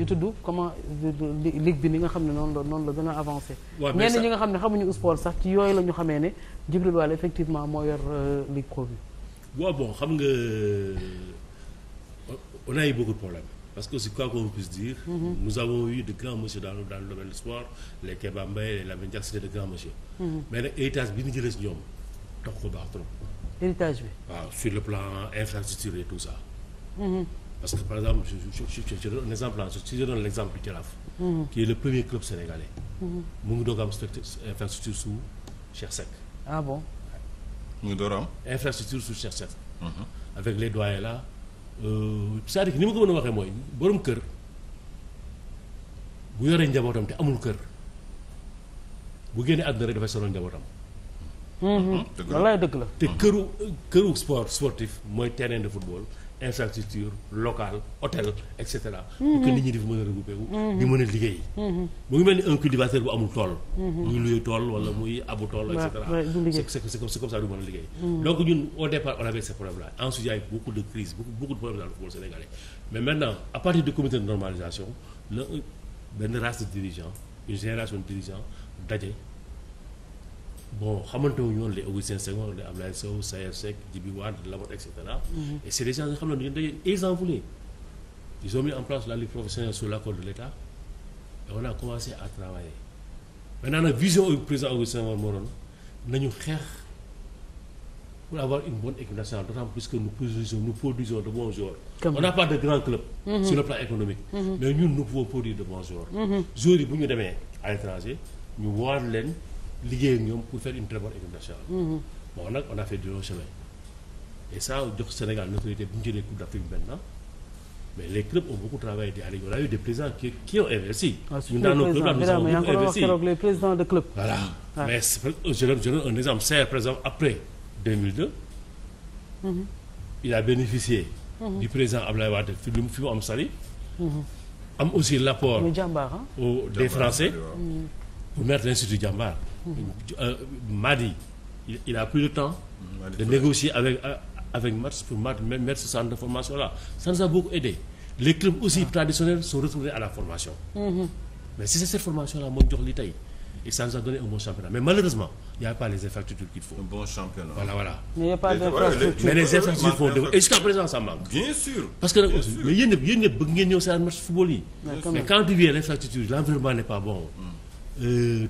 ñu tudd comment ligue bi ni nga xam ne noonu la noonu gën a avancé ñenn ñi nga xam ne xamuñu sport sax ci yooyu la ñu xamee ne Djibril effectivement moo yor euh, ligue pro bi waaw bon xam nga euh, on a eu beaucoup de problèmes parce que aussi quoi qu'on puisse dire mm -hmm. nous avons eu de grands monsieur dans dans sport les Keba Mbaye les Lamine Diack c'était de mhm. mais nag héritage bi ñu jëlee si ñoom tax ko baax trop héritage bi waaw sur le plan infrastructure et tout ça mhm. parce que par exemple je je je je donne l' exemple du Jaraaf. Mm-hmm. qui est premier club sénégalais. mu ngi doog am infrastructure sous Cheikh Seck. ah bon. mu ngi doog am. infrastructure sous Cheikh Seck. Mm-hmm. avec les doyens là euh, c'est-à-dire ni ma ko mën waxee mooy borom kër bu yoree njabootam te amul kër bu génnee àdduna rek dafay sonal njabootam. Mm-hmm. dëgg la wallaay la. te këru këru sport sportif mooy terrain de football. infrastructure local hôtel et cetera. Mm-hmm. pour que nit ñi di mën a regroupé wu. Mm-hmm. di mën liggéey. Mm-hmm. mu ngi mel ni un cultivateur bu amul tool. muy luy tool wala muy abu tool. et cetera comme ça du mën liggéey. donc ñun au départ on avait ces problèmes là ensuite y a eu beaucoup de crises beaucoup beaucoup de problèmes dans le football sénégalais mais maintenant à partir du comité de normalisation la euh, benn race de dirigeants une génération de daje. bon xamante wu ñu woon les Augustin Senghor les Ablaye Sow Sayer Seck Djibi Wade Lamot mhm. xam ne dañuy ils en voulaient. ils ont mis en place la ligue professionnelle sous l' accord de l' État et on a commencé à travailler maintenant nag vision président Augustin Senghor moo doon nañu xeex pour avoir une bonne de grand club. Mhm. sur le plan économique. Mhm. mais ñun nous pouvons produire de bons joueurs. joueurs bu ñu demee à l' ñu waar leen. liggéey ak ñoom pour faire une très bonne équipe nationale. Mhm. bon nag on a fait du long et ça jox Sénégal notoriété bu ñu Coupe d'Afrique maintenant mais les clubs ont beaucoup travaillé di Aliou on a eu des présidents qui qui ont investi. waaw ah, suñu président bi daal mais yaa ngi ko présidents de club. voilà ah. mais je après mhm. il a bénéficié. Mm -hmm. du président Abdoulaye Wade fi mu fi am sali. Mhm. am aussi l'apport. muy jàmbaar ah. des Français. pour mettre l'institut jàmbaar. Euh, Madi il a plus le temps de négocier avec euh, avec Metz pour mettre ce centre de formation là ça nous a beaucoup aidé les clubs aussi ah. traditionnels sont retournés à la formation mm-hmm. mais si c'est cette formation là moo jox li tey et ça nous a donné un bon championnat mais malheureusement y a pas les infrastructures qu'il faut. un bon championnat voilà voilà. mais les infrastructures font développer et jusqu'à présent ça manque. bien sûr parce que nag aussi mais yéen ñëpp yéen ñëpp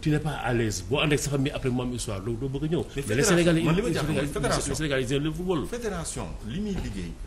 tu n'es pas à l'aise boo ànd ak sa famille après mu am histoire doo bëgg a ñëw. mais les Sénégalais ils le football. li muy liggéey.